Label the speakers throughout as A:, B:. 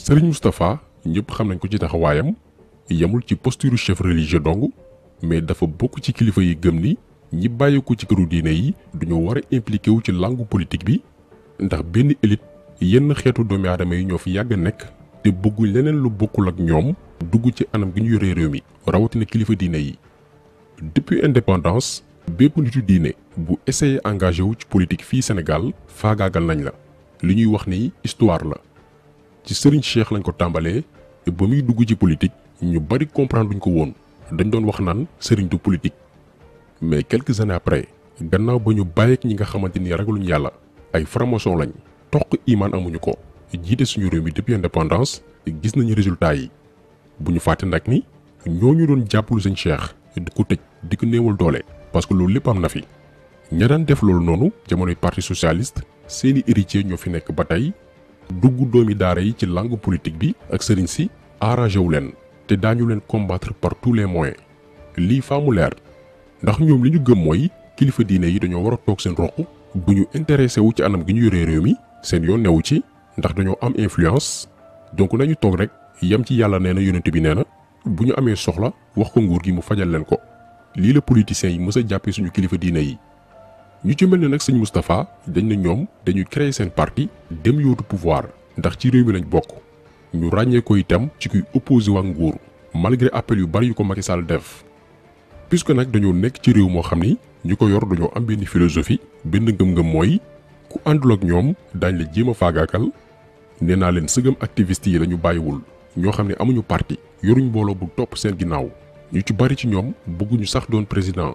A: Serigne Mustafa, ñëpp xam nañ ko ci taxawayam, yamul ci posture chef religieux dong mais dafa bokku ci kilifa yi gëm ni ñi bàyyi ci këru diiné yi duñu wara impliqué wu ci langue politique bi ndax benn élite yenn xeetu doomi aadama yi ñoo fi yàgg nekk te bëggu leneen lu bokkul ak ñoom dugg ci anam gi ñu yoree réew mi rawatina kilifa diine yi depuis indépendance bépp nitu diine bu essayé engagé wu ci politique fii Sénégal faagaagal nañ la li ñuy wax ni histoire la ci sëriñ Cheikh lañ ko tàmbalee ba muy dugg ci politique ñu bari comprendre duñ ko woon dañu doon wax naan sëriñ du politique. mais quelques années après gannaaw ba ñu bàyyeek ñi nga xamante ni ragaluñ yàlla ay franc-maçon lañ toq imaan amuñu ko jiite suñu réew mi depuis indépendance gis nañu résultat yi bu ñu fàtte nag ni ñoo ñu doon jàppalu sëñ Cheikh di ko tëj di ko néewal doole parce que loolu lépp am na fi. ña daan def loolu noonu jamonoy parti socialiste seeni héritier ñoo fi nekk ba tey dugg doomi daara yi ci langue politique bi ak sëriñ si arrangé wu leen te daañu leen combattre par tous les moyens lii faamu leer ndax ñoom li ñu gëm mooy kilifa diine yi dañoo war a toog seen roq bu ñu intéressé wu ci anam gi ñu yoree réew mi seen yoon newu ci ndax dañoo am influence donc nañu toog rek yam ci yàlla nee na yonent bi nee na bu ñu amee soxla wax ko nguur gi mu fajal leen ko lii la politiciens yi mës jàppee suñu kilifa diine yi Nous ci mel ni Moustapha dañ na ñoom parti dem du pouvoir ndax ci réew ko itam opposé malgré appel yu bari yu def. puisque nous dañoo nekk ci réew moo xam ñu ko yor dañoo am philosophie benn ngëm-ngëm mooy ku àndul ak ñoom daañ la jéem a faagaakal nee les parti ci bari président.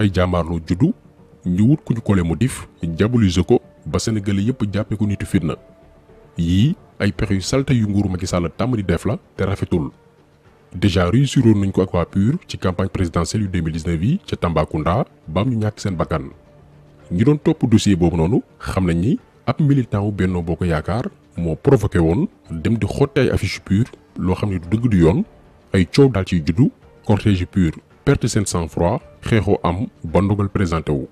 A: ay jàmbaarloo juddu ñu wut ku ñu mu dif diaboliser ko ba sénégalais yépp jappé ko nitu fitna yi ay pex yu salte yu nguuru Macky Sall tam di def la té rafetul déjà nañ ko ak wa PUR ci campagne présidentielle yu 2019 yi ci Tambacounda ba am ñu ñàkk seen bakkan ñu don top dossier bobu nonu xam nañ ni ab militant benno boko yakar mo provoquer won dem di affiche PUR lo xamni du dëgg du yoon ay ciow dal ci juddu cortège PUR perte seen sang-froid xeexoo am ba présenté wu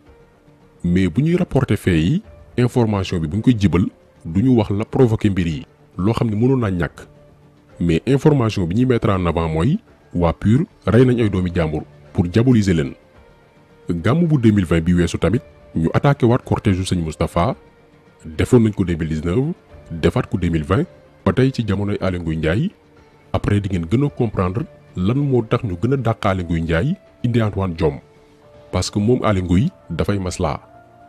A: mais buñuy rapporter fee yi information bi buñ ñu koy jibal du wax la provoquer mbir yi loo xam ne mais information bi ñuy mettre en avant moy wa PUR ray nañ ay doomi jambour pour diaboliser len gamu bu 2020 bi wessu tamit ñu attaquer wat cortège seigne sëñ Moustapha defoon nañ ko 2019 defat ko 2020 ba ci jamono ay Ngouille Ndiaye après di ngeen gëna comprendre lan moo tax ñu gën a dàq Aly Ndiaye indi Antoine Diome parce que moom Aly Ngouille dafay maslaa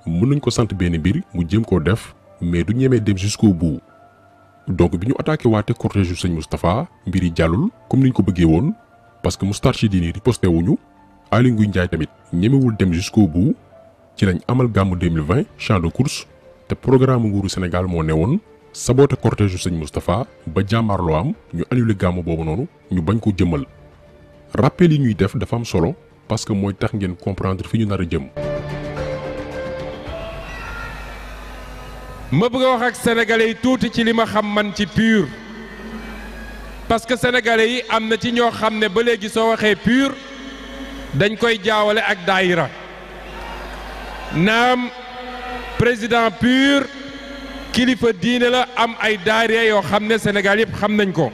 A: mën nañ ko sant benn mbir mu jëm koo def mais du ñemee dem jusko bout donc bi ñu attaqué waate cortège yu sëñ Moustapha mbir yi jàllul comme niñ ko bëggee woon parce que Moustarchidine riposté wuñu Aly Ngouille Ndiaye tamit ñemewul dem jusqu'au bout ci lañ amal gàmmu 2020 champ de course te programme nguuru Sénégal moo ne woon saboté cortège yu Mustapha, ba ba lo am ñu annuler gamu bobu nonu ñu bañ ko jëmmal rappel yi ñuy def dafa am solo parce que moy tax ngeen comprendre fi ñu nara jëm.
B: ma bëgg wax ak sénégalais yi tout ci lima ma xam man ci PUR parce que sénégalais yi amna ci ño ba légui so waxé PUR dañ koy jaawalé ak daïra naam président PUR kilifa diine la am ay daara yoo xam ne Sénégal yëpp xam nañ ko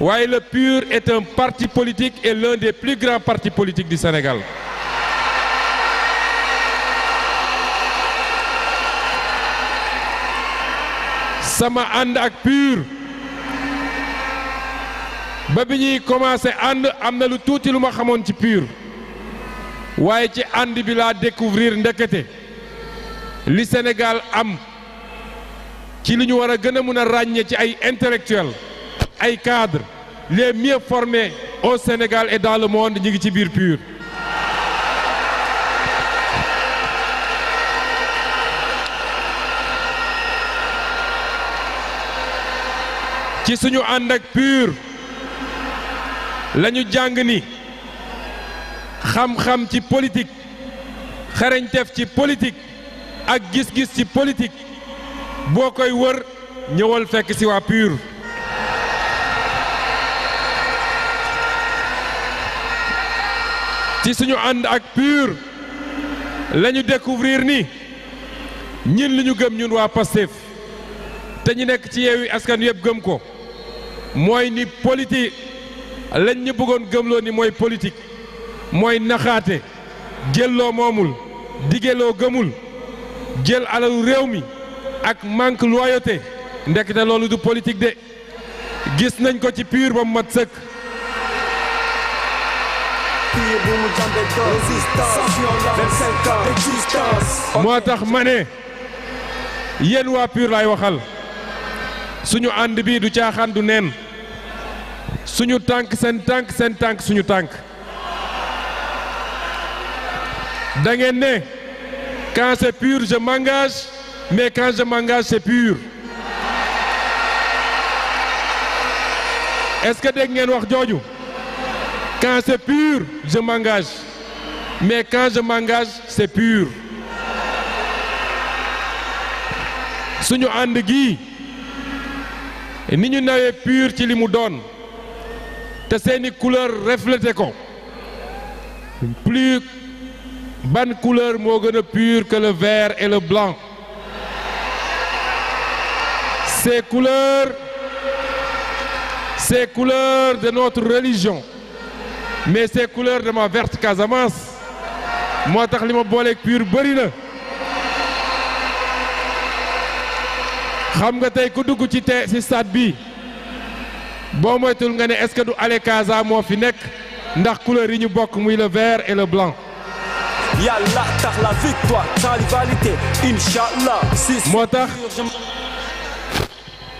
B: waaye le PUR est un parti politique et l'un des plus grands partis politiques du Sénégal sama ànd ak PUR ba bi ñuy commencé ànd am na lu tuuti lu ma xamoon ci PUR waaye ci ànd bi laa découvrir ndekete li Sénégal am ci liñu wara gëna mëna ragné ci ay intellectuels ay cadres les mieux formés au Sénégal et dans le monde ñi ngi ci biir PUR. ci suñu and ak PUR lañu jang ni xam-xam ci politique xarañteef ci politique ak gis-gis ci politique. boo koy wër ñëwal fekk ci waa PUR ci suñu ànd ak PUR lañu découvrir ni ñin li ñu gëm ñun waa Pastef te ñu nekk ci Yewwi Askan yëpp gëm ko mooy ni politique lañ ñu bëggoon gëmloo ni mooy politik mooy naxaate jëlloo moomul digeloo gëmul jël alalu réew mi ak manque loyauté ndekete loolu du politique de gis nañ ko ci pur ba mu mat sëkk. moo tax ma ne yéen waa pur laay waxal suñu ànd bii du caaxaan du nen suñu tànk seen tànk seen tànk suñu tànk da ne quand c'est pur je Mais quand je m'engage, c'est pur. Est-ce que dégg ngeen wax quand c'est pur je m'engage mais quand je m'engage c'est pur suñu nous gi ni ñu nawee pur ci li donne, donne. C'est couleur reflétée. plus bonne couleur moo que le vert et le blanc ces couleurs, ces couleurs de notre religion, mais ces couleurs de ma verte Casamance, Moi, tax li ma booleeg pur bëri na xam nga tey ku dugg ci te ci stade bi boo moytul est-ce que du ale Casa moo fi nekk ndax couleur yi ñu muy le vert et le blanc. Yallah, tax la victoire sans rivalité inch'Allah. moo tax.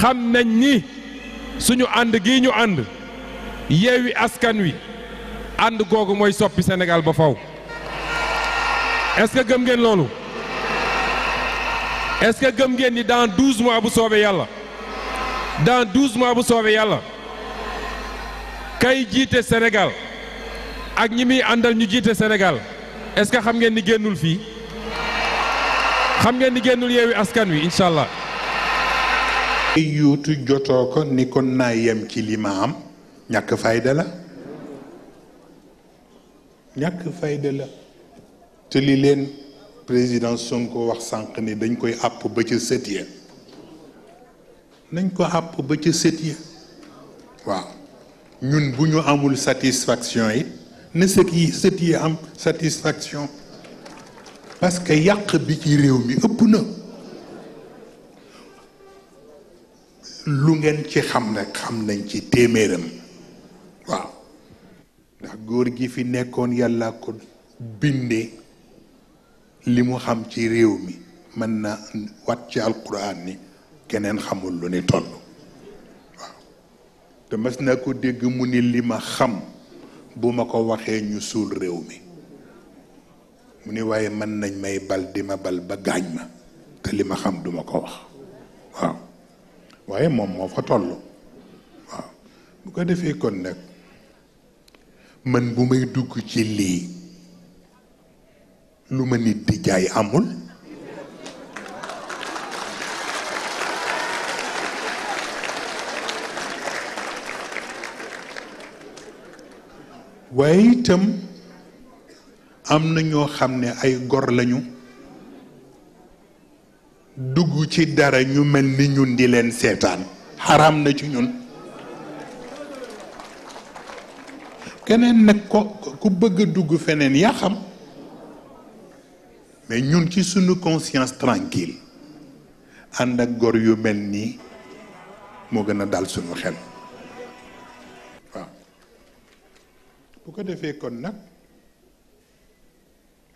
B: xam nañ ni suñu ànd gii ñu ànd yeewi askan wi ànd googu mooy soppi Sénégal ba faw est-ce que gëm ngeen loolu est-ce que gëm ngeen ni dans douze mois bu soobee yàlla dans douze mois bu soobee yàlla kay jiite Sénégal ak ñi muy àndal ñu jiite Sénégal est-ce que xam ngeen ni génnul fii xam ngeen ni génnul yeewi askan wi incha allah.
C: yuutu que ko ni ko ci limam ñak fayda la ñak fayda la te li len président Sonko wax sank ni dañ koy app ba ci nañ ko app ba ci ñun pas amul satisfaction yi ne ce qui satisfaction parce que yaq bi ci rew mi ëpp na lu ngeen ci xam nag xam nañ ci téeméeram waaw ndax góor gi fi nekkoon yàlla ko bindee li mu xam ci réew mi mën na wat ci alquran ni keneen xamul lu ni toll waaw te mas na ko dégg mu ni li ma xam bu ma ko waxee ñu suul réew mi mu ni waaye mën nañ may bal di ma bal ba gaañ ma te li ma xam duma ko wax waaw waaye moom moo fa toll waaw bu ko defee kon nag mën bu may dugg ci lii lu ma nit di jaay amul waaye itam am na ñoo xam ne ay gor lañu ci dara ñu mel ni ñun di leen seetaan xaram na ci ñun keneen nag ko ku bëgg a dugg feneen yaa xam mais ñun ci suñu conscience tranquille ànd ak gor yu mel nii moo gën a dal suñu xel waaw bu ko defee kon nag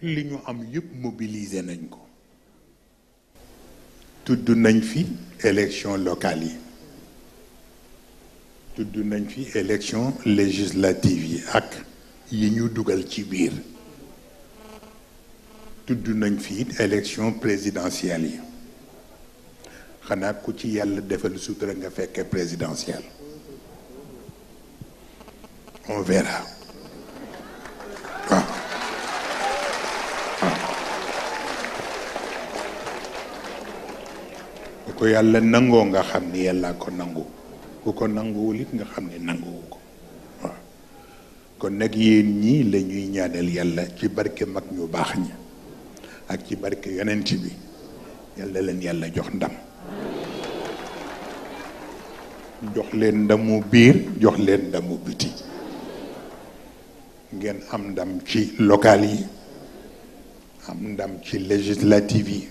C: li ñu am yëpp mobiliser nañ ko Toutes les fi élection locale les élections législatives fi élection législative ak yi ñu Nous élection présidentielle présidentielle on verra ko yàlla nangoo nga xam ni yàlla ko nangu ku ko nanguwul it nga xam ne nanguwu ko waaw kon nag yi ñii lañuy ñuy ñaanal yàlla ci barke mag ñu baax ñi ak ci barke yonent bi yàlla leen yàlla jox ndam jox leen ndamu biir jox leen ndamu biti ngeen am ndam ci local yi am ndam ci législative yi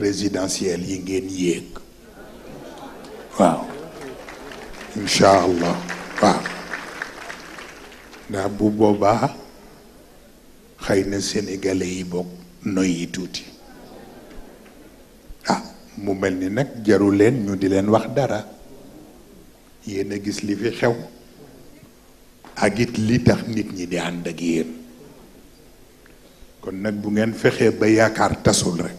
C: présidentielle yi ngeen yéeg waaw incha allah waaw ndax bu boobaa xëy na sénégalais yi bokk noy yi tuuti ah mu mel ni nag jaru leen ñu di leen wax dara yéen a gis li fi xew ak it li tax nit ñi di ànd ak yéen kon nag bu ngeen fexee ba yaakaar tasul rek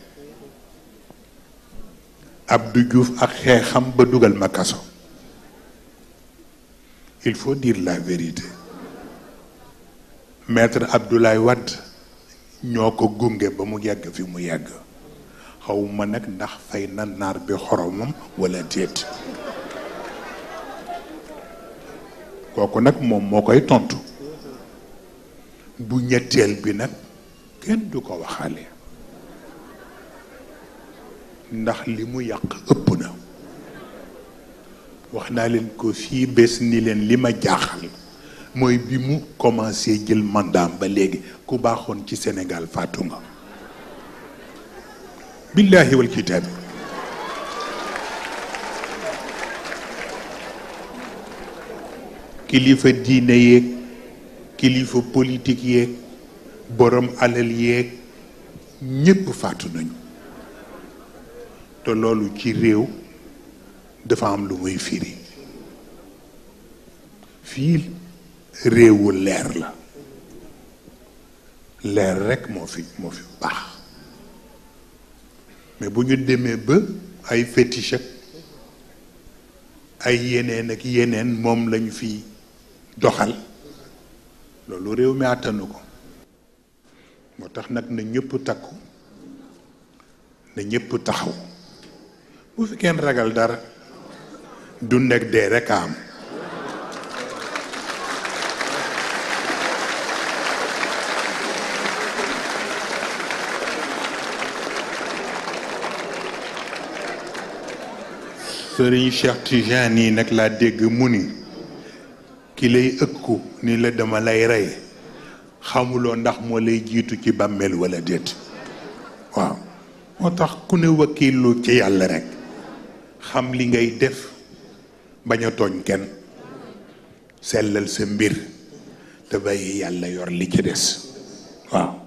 C: Abdou Diouf ak xexam ba dugal ma il faut dire la vérité maître Abdoulaye Wade ñoko ko ba mu yegg fi mu yegg xaw nak ndax fay na naar bi xoromam wala déet kooku nak mom moo koy tontu bu ñettel bi nak kenn duko waxale ndax li mu yàq ëpp na wax naa leen ko fii bés ni leen li ma jaaxal mooy bi mu commencé jël mandaam ba léegi ku baaxoon ci Sénégal faatu nga billaahi wal kilifa diine yeeg kilifa politik yeeg boroom alal yeeg ñépp faatu nañu te lolou ci rew dafa am lu muy firi fi rewu leer la leer rek mo fi mo fi bax mais buñu démé ba ay fétiche ay yenen ak yenen mom lañ fi doxal lolou rew mi atanu ko motax nak na ñëpp takku na ñëpp taxaw bu fi kenn ragal dara dund ak dee rek am sëriñ Cheikh Tijaan yi nag laa dégg mu ni ki lay ëkku ni la dama lay rey xamuloo ndax moo lay jiitu ci bàmmeel walla déet waaw moo tax ku ne wakiilu ci yàlla rek xam li ngay def bañ a tooñ kenn sellal sa mbir te bàyyi yàlla yor li ci des waaw